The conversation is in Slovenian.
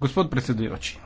gospod predsedujoči